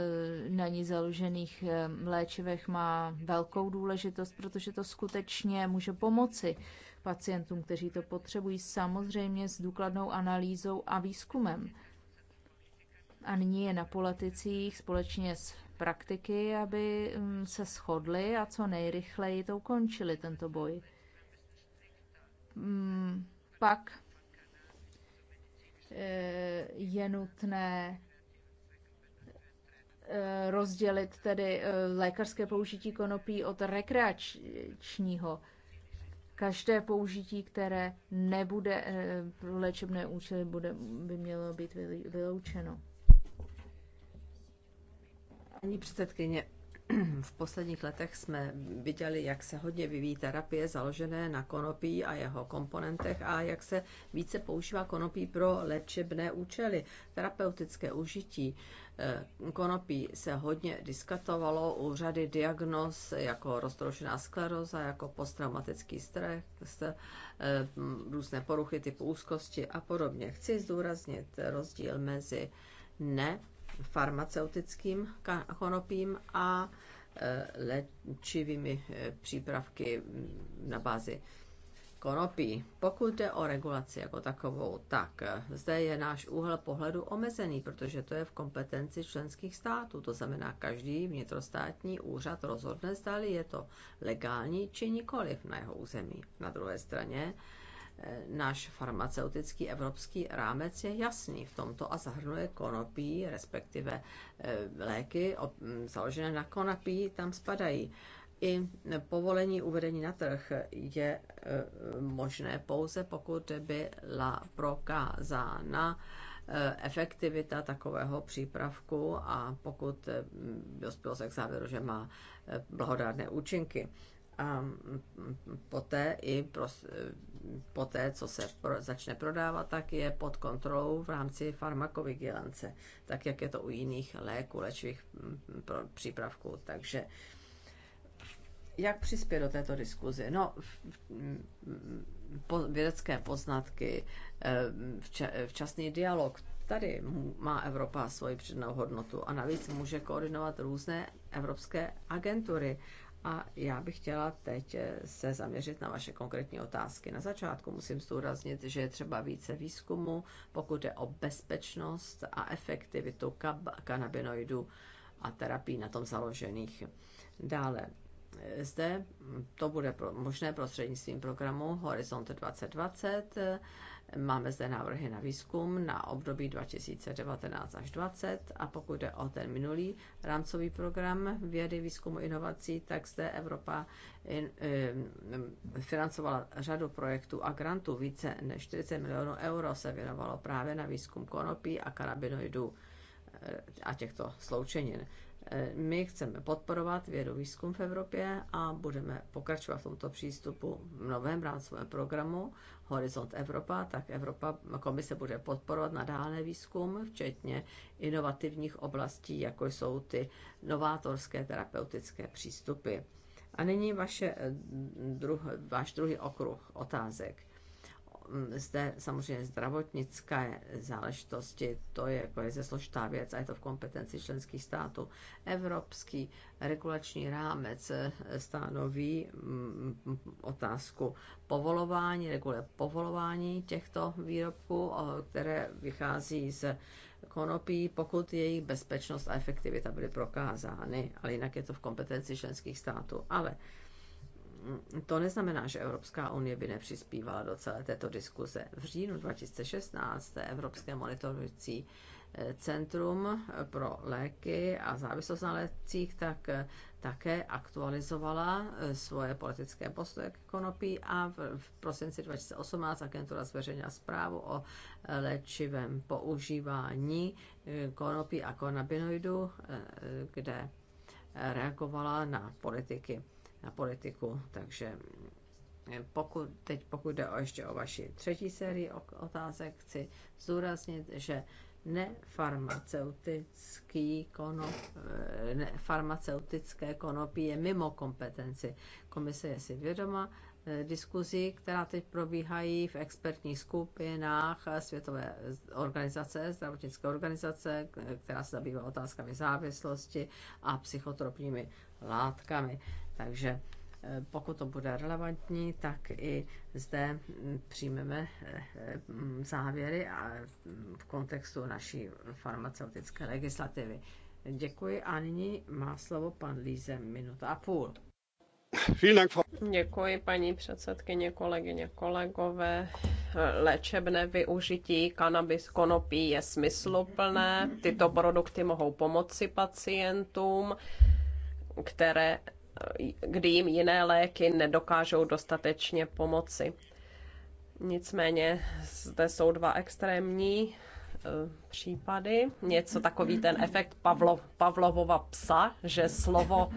na ní založených léčivech má velkou důležitost, protože to skutečně může pomoci pacientům, kteří to potřebují, samozřejmě s důkladnou analýzou a výzkumem. A nyní je na politicích společně s praktiky, aby mm, se shodli a co nejrychleji to ukončili, tento boj. Mm, pak eh, je nutné eh, rozdělit tedy eh, lékařské použití konopí od rekreačního. Každé použití, které nebude pro léčebné účely, bude, by mělo být vyloučeno. Paní předsedkyně, v posledních letech jsme viděli, jak se hodně vyvíjí terapie založené na konopí a jeho komponentech a jak se více používá konopí pro léčebné účely, terapeutické užití. Eh, konopí se hodně diskutovalo u řady diagnóz jako roztroušená skleroza, jako posttraumatický stres, eh, různé poruchy typu úzkosti a podobně. Chci zdůraznit rozdíl mezi ne farmaceutickým konopím a e, léčivými e, přípravky mm, na bázi konopí. Pokud jde o regulaci jako takovou, tak e, zde je náš úhel pohledu omezený, protože to je v kompetenci členských států. To znamená, každý vnitrostátní úřad rozhodne, zdali je to legální či nikoliv na jeho území. Na druhé straně, Eh, náš farmaceutický evropský rámec je jasný v tomto a zahrnuje konopí, respektive eh, léky založené na konopí, tam spadají. I povolení uvedení na trh je eh, možné pouze, pokud byla prokázána efektivita takového přípravku a pokud dospělo se k závěru, že má blahodárné účinky. A mm, mm, poté i prostě poté, co se pro, začne prodávat, tak je pod kontrolou v rámci farmakovigilance, tak jak je to u jiných léků, léčivých mm, přípravků. Takže jak přispět do této diskuzi? No, mm, po, vědecké poznatky, eh, vča, eh, včasný dialog. Tady má Evropa svoji přednou hodnotu a navíc může koordinovat různé evropské agentury a já bych chtěla teď eh, se zaměřit na vaše konkrétní otázky. Na začátku musím zdůraznit, že je třeba více výzkumu, pokud je o bezpečnost a efektivitu kanabinoidů a terapii na tom založených. Dále, eh, zde to bude možné prostřednictvím programu Horizont 2020 Máme zde návrhy na výzkum na období 2019 až 2020 a pokud jde o ten minulý rámcový program vědy, výzkumu, inovací, tak zde Evropa financovala řadu projektů a grantů. Více než 40 milionů euro se věnovalo právě na výzkum konopí a karabinoidů eh, a těchto sloučenin. Eh, my chceme podporovat vědu výzkum v Evropě a budeme pokračovat v tomto přístupu v novém rámcovém programu Horizont Evropa, tak Evropa komise bude podporovat nadále výzkum, včetně inovativních oblastí, jako jsou ty novátorské terapeutické přístupy. A nyní vaše, eh, druh, váš druhý okruh otázek zde samozřejmě zdravotnické záležitosti, to je velice jako složitá věc a je to v kompetenci členských států. Evropský regulační rámec eh, stanoví mm, mm, otázku povolování, reguluje povolování těchto výrobků, které vychází z konopí, pokud jejich bezpečnost a efektivita byly prokázány, ale jinak je to v kompetenci členských států. Ale to neznamená, že Evropská unie by nepřispívala do celé této diskuze. V říjnu 2016 Evropské monitorující eh, Centrum eh, pro léky a závislost na lécích tak eh, také aktualizovala svoje politické postoje k konopí a v, v prosinci 2018 agentura zveřejnila zprávu o léčivém používání konopí a konabinoidu, kde reagovala na politiky na politiku. Takže eh, pokud, teď pokud jde o ještě o vaši třetí sérii otázek, chci zúraznit, že nefarmaceutický konop, eh, ne, konopí je mimo kompetenci. Komise je si vědoma eh, diskuzí, která teď probíhají v expertních skupinách Světové organizace, zdravotnické organizace, která se zabývá otázkami závislosti a psychotropními látkami. Takže eh, pokud to bude relevantní, tak i zde přijmeme eh, mm, závěry a mm, v kontextu naší farmaceutické legislativy. Děkuji a nyní má slovo pan Líze minuta a půl. Děkuji, paní předsedkyně, kolegyně, kolegové. Léčebné využití kanabis konopí je smysluplné. Tyto produkty mohou pomoci pacientům, které kdy jim jiné léky nedokážou dostatečně pomoci. Nicméně zde jsou dva extrémní e, případy. Něco takový ten efekt Pavlo, Pavlovova psa, že slovo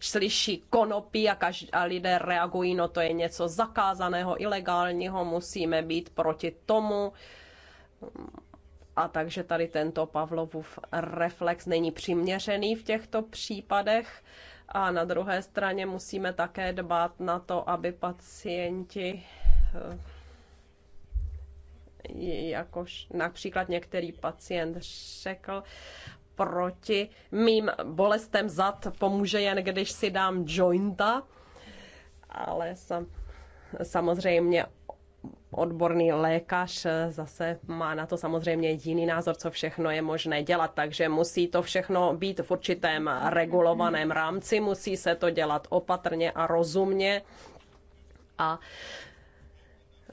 slyší konopí a, každý, a lidé reagují, no to je něco zakázaného, ilegálního, musíme být proti tomu. A takže tady tento Pavlovův reflex není přiměřený v těchto případech. A na druhé straně musíme také dbát na to, aby pacienti eh, jakož například některý pacient řekl, proti mým bolestem zad pomůže jen, když si dám jointa, ale sam, samozřejmě odborný lékař zase má na to samozřejmě jiný názor, co všechno je možné dělat, takže musí to všechno být v určitém regulovaném rámci, musí se to dělat opatrně a rozumně a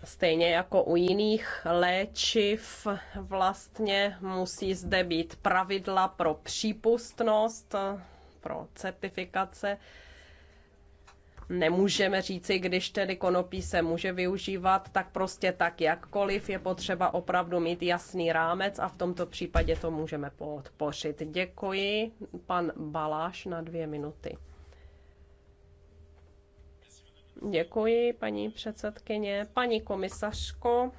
stejně jako u jiných léčiv vlastně musí zde být pravidla pro přípustnost, pro certifikace nemůžeme říci, když tedy konopí se může využívat, tak prostě tak jakkoliv je potřeba opravdu mít jasný rámec a v tomto případě to můžeme podpořit. Děkuji, pan Baláš, na dvě minuty. Děkuji, paní předsedkyně. Paní komisařko,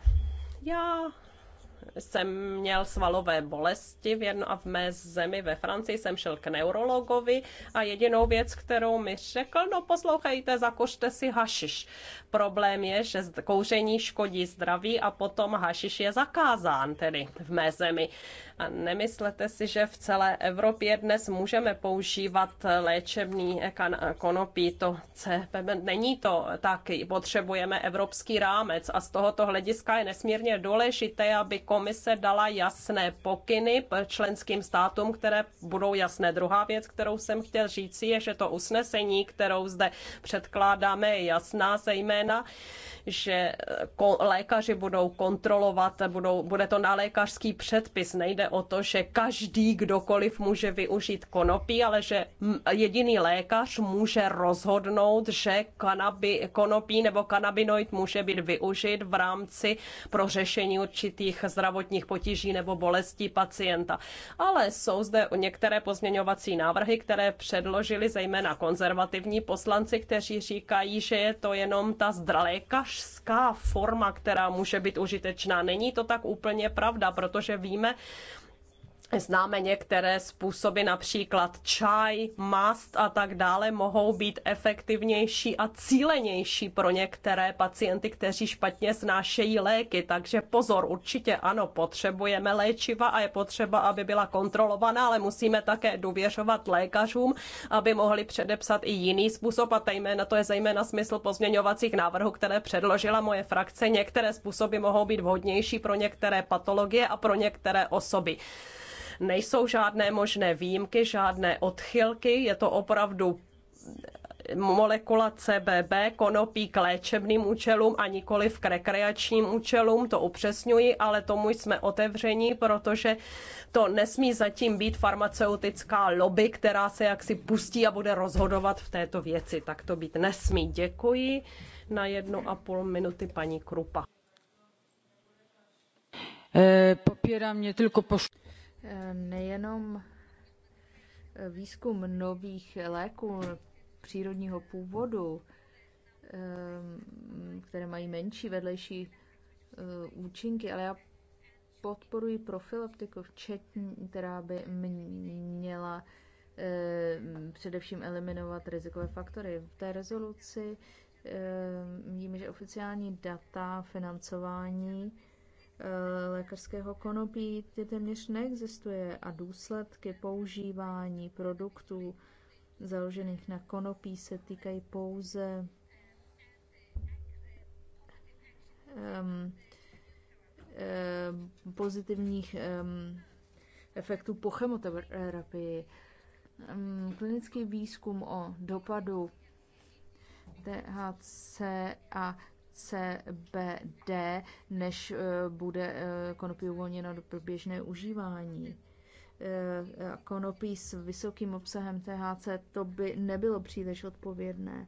já jsem měl svalové bolesti v jedno, a v mé zemi ve Francii jsem šel k neurologovi a jedinou věc, kterou mi řekl, no poslouchejte, zakožte si hašiš. Problém je, že kouření škodí zdraví a potom hašiš je zakázán tedy v mé zemi. A nemyslete si, že v celé Evropě dnes můžeme používat léčebný konopí, to CPM Není to taky. potřebujeme evropský rámec a z tohoto hlediska je nesmírně důležité, aby komise dala jasné pokyny členským státům, které budou jasné. Druhá věc, kterou jsem chtěl říct, je, že to usnesení, kterou zde předkládáme, je jasná zejména, že lékaři budou kontrolovat, budou, bude to na lékařský předpis, nejde nejde o to, že každý, kdokoliv může využít konopí, ale že jediný lékař může rozhodnout, že kanabi, konopí nebo kanabinoid může být využit v rámci pro řešení určitých zdravotních potíží nebo bolestí pacienta. Ale jsou zde některé pozměňovací návrhy, které předložili zejména konzervativní poslanci, kteří říkají, že je to jenom ta zdralékařská forma, která může být užitečná. Není to tak úplně pravda, protože víme, Známe některé způsoby, například čaj, mast a tak dále, mohou být efektivnější a cílenější pro některé pacienty, kteří špatně snášejí léky. Takže pozor, určitě ano, potřebujeme léčiva a je potřeba, aby byla kontrolovaná, ale musíme také důvěřovat lékařům, aby mohli předepsat i jiný způsob. A tajména, to je zejména smysl pozměňovacích návrhů, které předložila moje frakce. Některé způsoby mohou být vhodnější pro některé patologie a pro některé osoby. Nejsou žádné možné výjimky, žádné odchylky, je to opravdu molekula CBB konopí k léčebným účelům a nikoli k rekreačním účelům, to upřesňuji, ale tomu jsme otevření, protože to nesmí zatím být farmaceutická lobby, která se jaksi pustí a bude rozhodovat v této věci. Tak to být nesmí. Děkuji. Na jednu a půl minuty paní Krupa. Eh, Popírám mě tylko nejenom eh, výzkum nových léků přírodního původu, eh, které mají menší vedlejší eh, účinky, ale já podporuji profilaktiku, včetně, která by měla především eliminovat rizikové faktory. V té rezoluci vidíme, že oficiální data financování Eh, lékařského konopí téměř neexistuje a důsledky používání produktů založených na konopí se týkají pouze um, um, pozitivních um, efektů po chemoterapii. Um, klinický výzkum o dopadu THC a CBD, než eh, bude eh, konopí uvolněno do běžné užívání. Eh, konopí s vysokým obsahem THC, to by nebylo příliš odpovědné.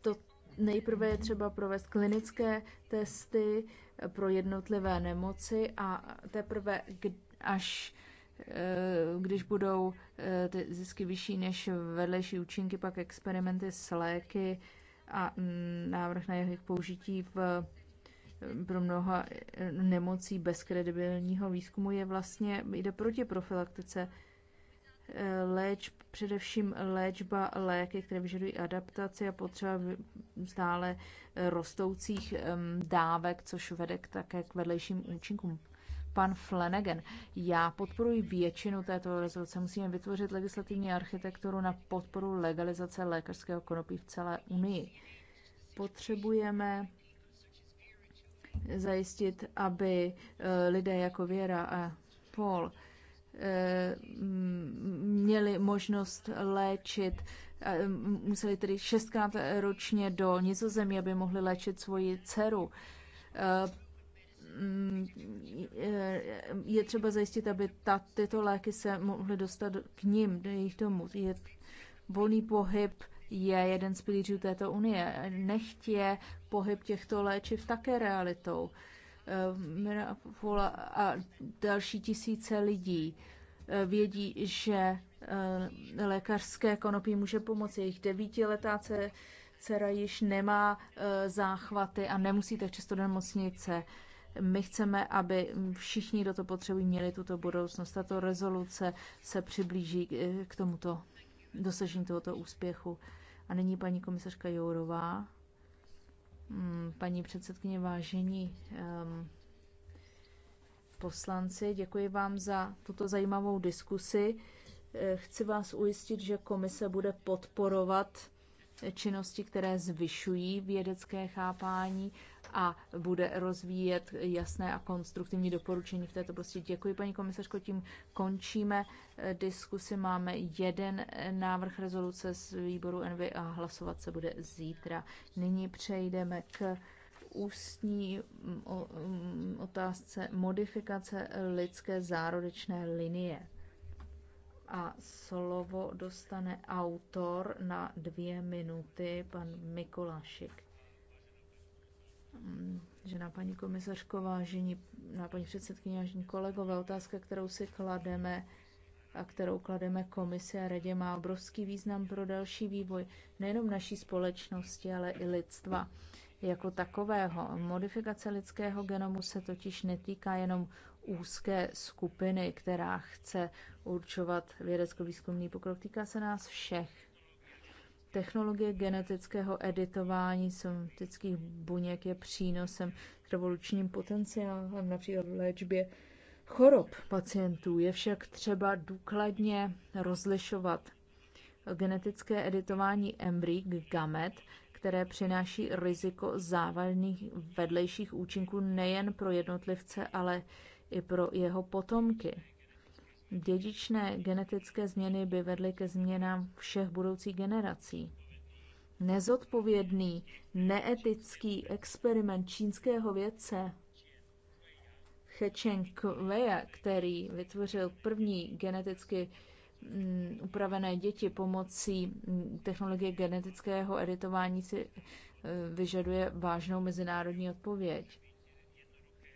To nejprve je třeba provést klinické testy pro jednotlivé nemoci a teprve až Eh, když budou eh, ty zisky vyšší než vedlejší účinky, pak experimenty s léky a mm, návrh na jejich použití v, eh, pro mnoha nemocí bez kredibilního výzkumu je vlastně, jde proti profilaktice léč, především léčba léky, které vyžadují adaptaci a potřeba stále rostoucích dávek, což vede k také k vedlejším účinkům pan Flanagan. Já podporuji většinu této rezoluce. Musíme vytvořit legislativní architekturu na podporu legalizace lékařského konopí v celé Unii. Potřebujeme zajistit, aby eh, lidé jako Věra a Paul eh, měli možnost léčit, eh, museli tedy šestkrát ročně do Nizozemí, aby mohli léčit svoji dceru Mm, je třeba zajistit, aby ta, tyto léky se mohly dostat k ním, do jejich domů. Je, volný pohyb je jeden z pilířů této unie. Nechť je pohyb těchto léčiv také realitou. Eh, a další tisíce lidí eh, vědí, že eh, lékařské konopí může pomoci. Jejich devítiletá dcera již nemá záchvaty a nemusí tak často do nemocnice. My chceme, aby všichni, kdo to potřebují, měli tuto budoucnost. Tato rezoluce se přiblíží k eh, tomuto dosažení tohoto úspěchu. A nyní paní komisařka Jourová. Mm, paní předsedkyně, vážení um, poslanci, děkuji vám za tuto zajímavou diskusi. Eh, chci vás ujistit, že komise bude podporovat činnosti, které zvyšují vědecké chápání a bude rozvíjet jasné a konstruktivní doporučení v této prostě. Děkuji, paní komisařko, tím končíme diskusi. Máme jeden návrh rezoluce z výboru NV a hlasovat se bude zítra. Nyní přejdeme k ústní mm, otázce modifikace lidské zárodečné linie. A slovo dostane autor na dvě minuty, pan Mikolašik. Mm, žena paní komisařko, vážení, na paní předsedkyně, vážení kolegové, otázka, kterou si klademe a kterou klademe komise, a radě, má obrovský význam pro další vývoj nejenom naší společnosti, ale i lidstva jako takového. Modifikace lidského genomu se totiž netýká jenom úzké skupiny, která chce určovat vědecko-výzkumný pokrok. Týká se nás všech. Technologie genetického editování somatických buněk je přínosem s revolučním potenciálem, například v léčbě chorob pacientů. Je však třeba důkladně rozlišovat genetické editování embryí gamet, které přináší riziko závažných vedlejších účinků nejen pro jednotlivce, ale i pro jeho potomky. Dědičné genetické změny by vedly ke změnám všech budoucích generací. Nezodpovědný, neetický experiment čínského vědce He Cheng Wei, který vytvořil první geneticky mm, upravené děti pomocí mm, technologie genetického editování, si e, vyžaduje vážnou mezinárodní odpověď.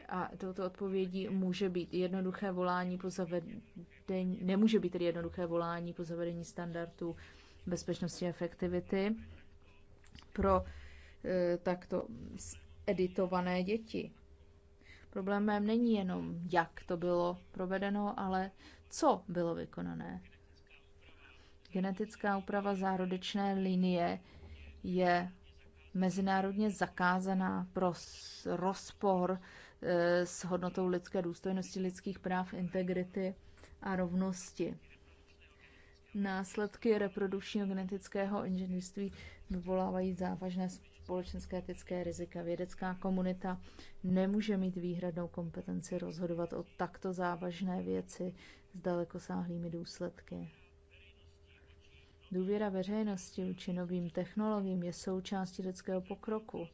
A touto odpovědí může být jednoduché volání po zavedení, nemůže být tedy jednoduché volání po zavedení standardů bezpečnosti a efektivity pro e, takto editované děti. Problémem není jenom, jak to bylo provedeno, ale co bylo vykonané. Genetická úprava zárodečné linie je mezinárodně zakázaná pro rozpor Eh, s hodnotou lidské důstojnosti, lidských práv, integrity a rovnosti. Následky reprodukčního genetického inženýrství vyvolávají závažné společenské etické rizika. Vědecká komunita nemůže mít výhradnou kompetenci rozhodovat o takto závažné věci s dalekosáhlými důsledky. Důvěra veřejnosti vůči novým technologiím je součástí lidského pokroku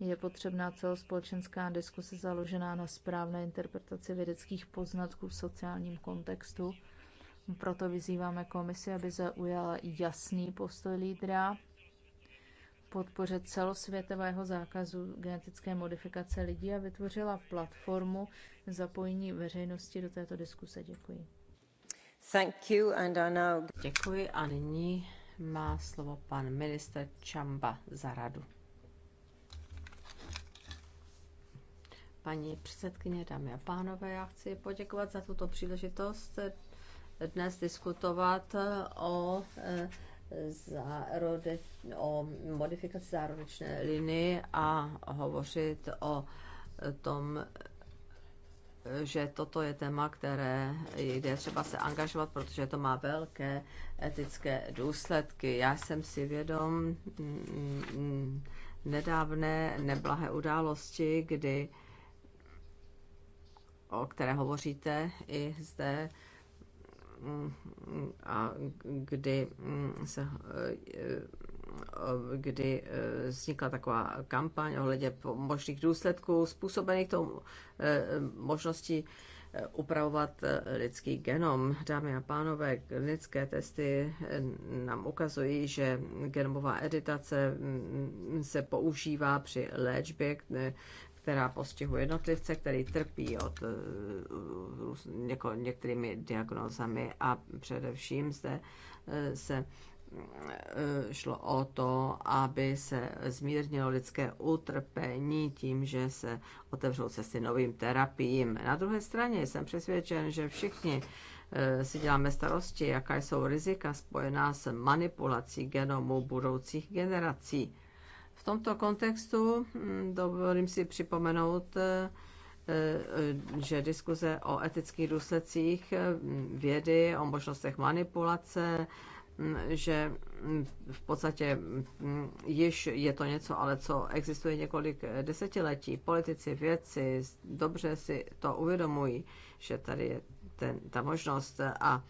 je potřebná celospolečenská diskuse založená na správné interpretaci vědeckých poznatků v sociálním kontextu. Proto vyzýváme komisi, aby zaujala jasný postoj lídra podpoře celosvětového zákazu genetické modifikace lidí a vytvořila platformu zapojení veřejnosti do této diskuse. Děkuji. Thank you and I Děkuji a nyní má slovo pan minister Čamba za radu. paní předsedkyně, dámy a pánové. Já chci poděkovat za tuto příležitost dnes diskutovat o e, zárode, o modifikaci zárodečné linie a hovořit o tom, že toto je téma, které jde třeba se angažovat, protože to má velké etické důsledky. Já jsem si vědom mm, mm, nedávné neblahé události, kdy o které hovoříte i zde, mm, a kdy mm, se e, e, kdy e, vznikla taková kampaň ohledně možných důsledků způsobených tou možností upravovat lidský genom. Dámy a pánové, klinické testy nám ukazují, že genomová editace mm, se používá při léčbě která postihuje jednotlivce, který trpí od něko, eh, jako některými diagnózami a především zde eh, se eh, šlo o to, aby se zmírnilo lidské utrpení tím, že se otevřou cesty novým terapiím. Na druhé straně jsem přesvědčen, že všichni si děláme starosti, jaká jsou rizika spojená s manipulací genomu budoucích generací tomto kontextu mm, dovolím si připomenout, eh, eh, že diskuze o etických důsledcích eh, vědy, o možnostech manipulace, mm, že mm, v podstatě již je to něco, ale co existuje několik desetiletí. Politici, vědci dobře si to uvědomují, že tady je ten, ta možnost a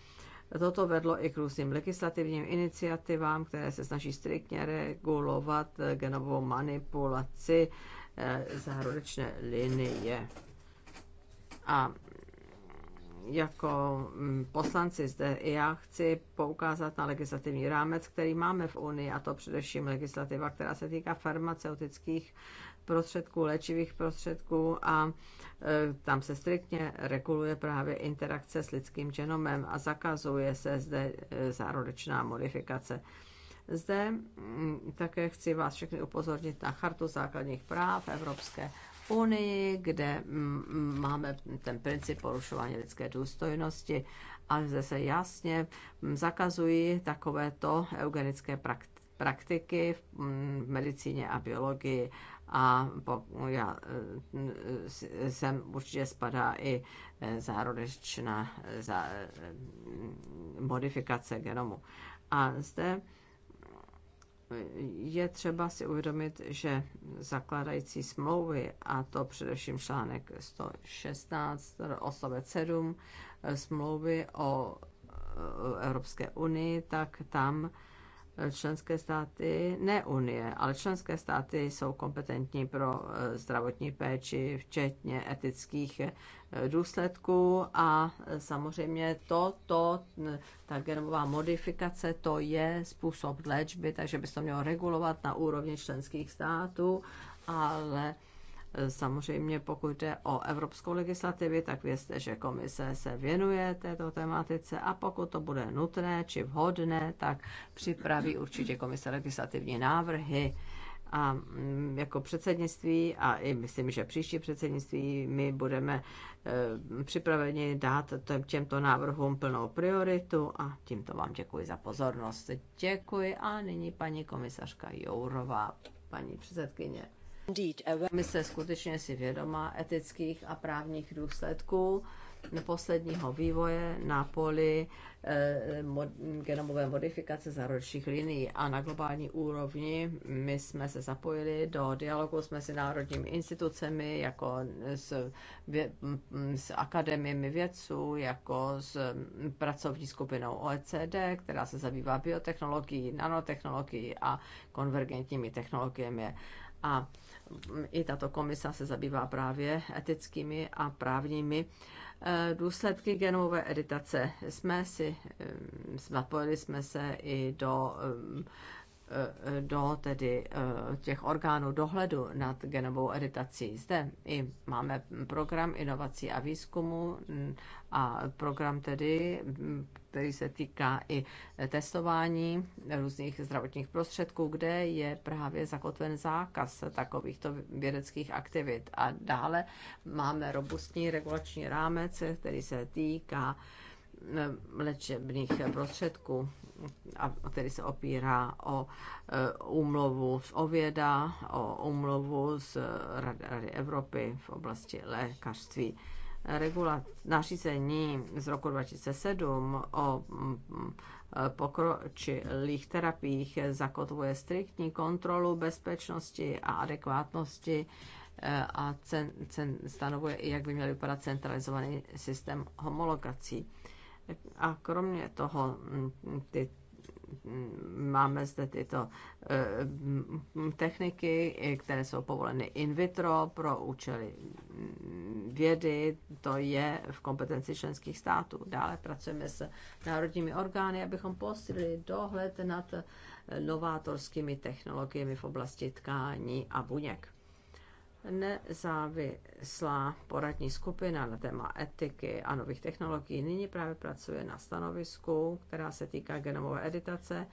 Toto vedlo i k různým legislativním iniciativám, které se snaží striktně regulovat eh, genovou manipulaci eh, zárodečné linie. A jako mm, poslanci zde i já chci poukázat na legislativní rámec, který máme v Unii, a to především legislativa, která se týká farmaceutických prostředků, léčivých prostředků a e, tam se striktně reguluje právě interakce s lidským genomem a zakazuje se zde e, zárodečná modifikace. Zde také chci vás všechny upozornit na Chartu základních práv Evropské unii, kde máme ten princip porušování lidské důstojnosti a zde se jasně zakazují takovéto eugenické praktiky v medicíně a biologii a já eh, eh, sem určitě spadá i eh, zárodečná zá, modifikace genomu. A zde je třeba si uvědomit, že zakládající smlouvy, a to především článek 116, osobe 7, smlouvy o Evropské unii, tak tam členské státy, ne Unie, ale členské státy jsou kompetentní pro eh, zdravotní péči, včetně etických eh, důsledků a eh, samozřejmě to, to, ta genomová modifikace, to je způsob léčby, takže by se to mělo regulovat na úrovni členských států, ale Samozřejmě pokud jde o evropskou legislativu, tak vězte, že komise se věnuje této tematice a pokud to bude nutné či vhodné, tak připraví určitě komise legislativní návrhy. A mm, jako předsednictví, a i myslím, že příští předsednictví, my budeme eh, připraveni dát těmto návrhům plnou prioritu a tímto vám děkuji za pozornost. Děkuji a nyní paní komisařka Jourová, paní předsedkyně. Komise skutečně si vědoma etických a právních důsledků posledního vývoje na poli eh, genomové modifikace zárodečných linií a na globální úrovni my jsme se zapojili do dialogu s mezinárodními institucemi, jako s, vě, mm, s akademiemi vědců, jako s mm, pracovní skupinou OECD, která se zabývá biotechnologií, nanotechnologií a konvergentními technologiemi. A i tato komisa se zabývá právě etickými a právními eh, důsledky genové editace. Jsme si, zapojili eh, jsme se i do eh, do tedy eh, těch orgánů dohledu nad genovou editací. Zde i máme program inovací a výzkumu mm, a program tedy, mm, který se týká i testování různých zdravotních prostředků, kde je právě zakotven zákaz takovýchto vědeckých aktivit. A dále máme robustní regulační rámec, který se týká Eh, léčebných prostředků, a který se opírá o eh, úmluvu z Ověda, o úmluvu z Rady Evropy v oblasti lékařství. Regula, nařízení z roku 2007 o mm, eh, pokročilých terapiích zakotvuje striktní kontrolu bezpečnosti a adekvátnosti a cen, cen, stanovuje jak by měl vypadat centralizovaný systém homologací. A kromě toho mm, ty, mm, máme zde tyto eh, mm, techniky, které jsou povoleny in vitro pro účely vědy, to je v kompetenci členských států. Dále pracujeme s národními orgány, abychom posílili dohled nad novátorskými technologiemi v oblasti tkání a buněk nezávislá poradní skupina na téma etiky a nových technologií nyní právě pracuje na stanovisku, která se týká genomové editace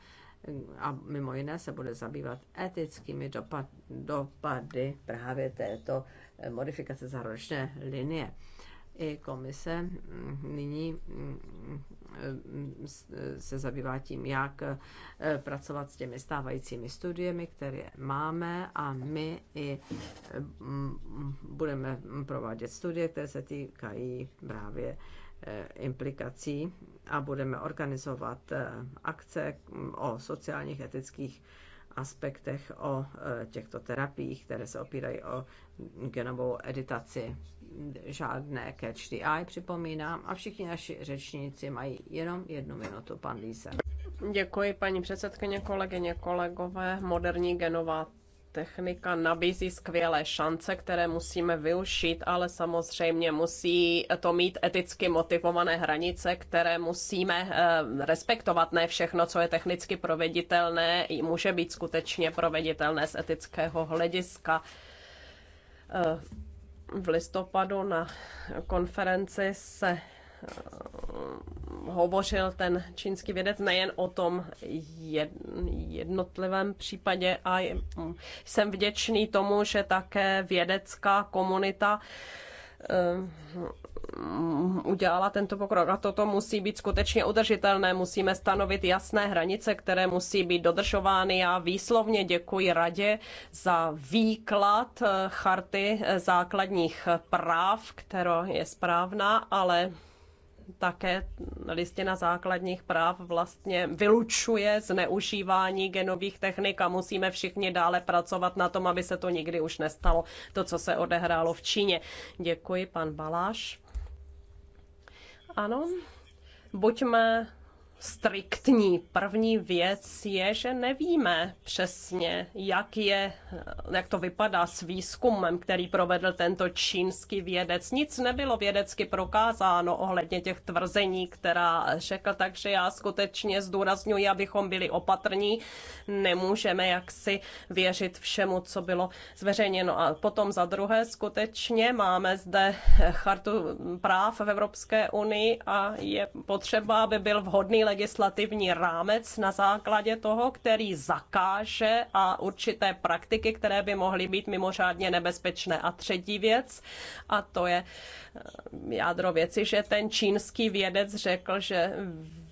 a mimo jiné se bude zabývat etickými dopad, dopady právě této eh, modifikace zárodečné linie. I komise mm, nyní mm, Eh, se zabývá tím, jak eh, pracovat s těmi stávajícími studiemi, které máme a my i mm, budeme provádět studie, které se týkají právě eh, implikací a budeme organizovat akce mm, o sociálních, etických aspektech o těchto terapiích, které se opírají o genovou editaci žádné catch the eye, připomínám, a všichni naši řečníci mají jenom jednu minutu, pan Líse. Děkuji, paní předsedkyně, kolegyně, kolegové. Moderní genová technika nabízí skvělé šance, které musíme využít, ale samozřejmě musí to mít eticky motivované hranice, které musíme eh, respektovat. Ne všechno, co je technicky proveditelné, může být skutečně proveditelné z etického hlediska eh, v listopadu na konferenci se eh, hovořil ten čínský vědec nejen o tom jednotlivém případě a jsem vděčný tomu, že také vědecká komunita Eh, udělala tento pokrok. A toto musí být skutečně udržitelné. Musíme stanovit jasné hranice, které musí být dodržovány. Já výslovně děkuji radě za výklad eh, charty eh, základních práv, která je správná, ale také listina základních práv vlastně vylučuje zneužívání genových technik a musíme všichni dále pracovat na tom, aby se to nikdy už nestalo, to, co se odehrálo v Číně. Děkuji, pan Baláš. Ano, buďme striktní. První věc je, že nevíme přesně, jak, je, jak to vypadá s výzkumem, který provedl tento čínský vědec. Nic nebylo vědecky prokázáno ohledně těch tvrzení, která řekl, takže já skutečně zdůrazňuji, abychom byli opatrní. Nemůžeme jaksi věřit všemu, co bylo zveřejněno. A potom za druhé, skutečně máme zde chartu práv v Evropské unii a je potřeba, aby byl vhodný legislativní rámec na základě toho, který zakáže a určité praktiky, které by mohly být mimořádně nebezpečné. A třetí věc, a to je eh, jádro věci, že ten čínský vědec řekl, že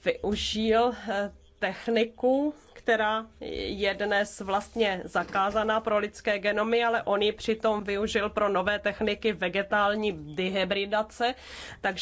využil eh, techniku, která je dnes vlastně zakázaná pro lidské genomy, ale on ji přitom využil pro nové techniky vegetální dehybridace, takže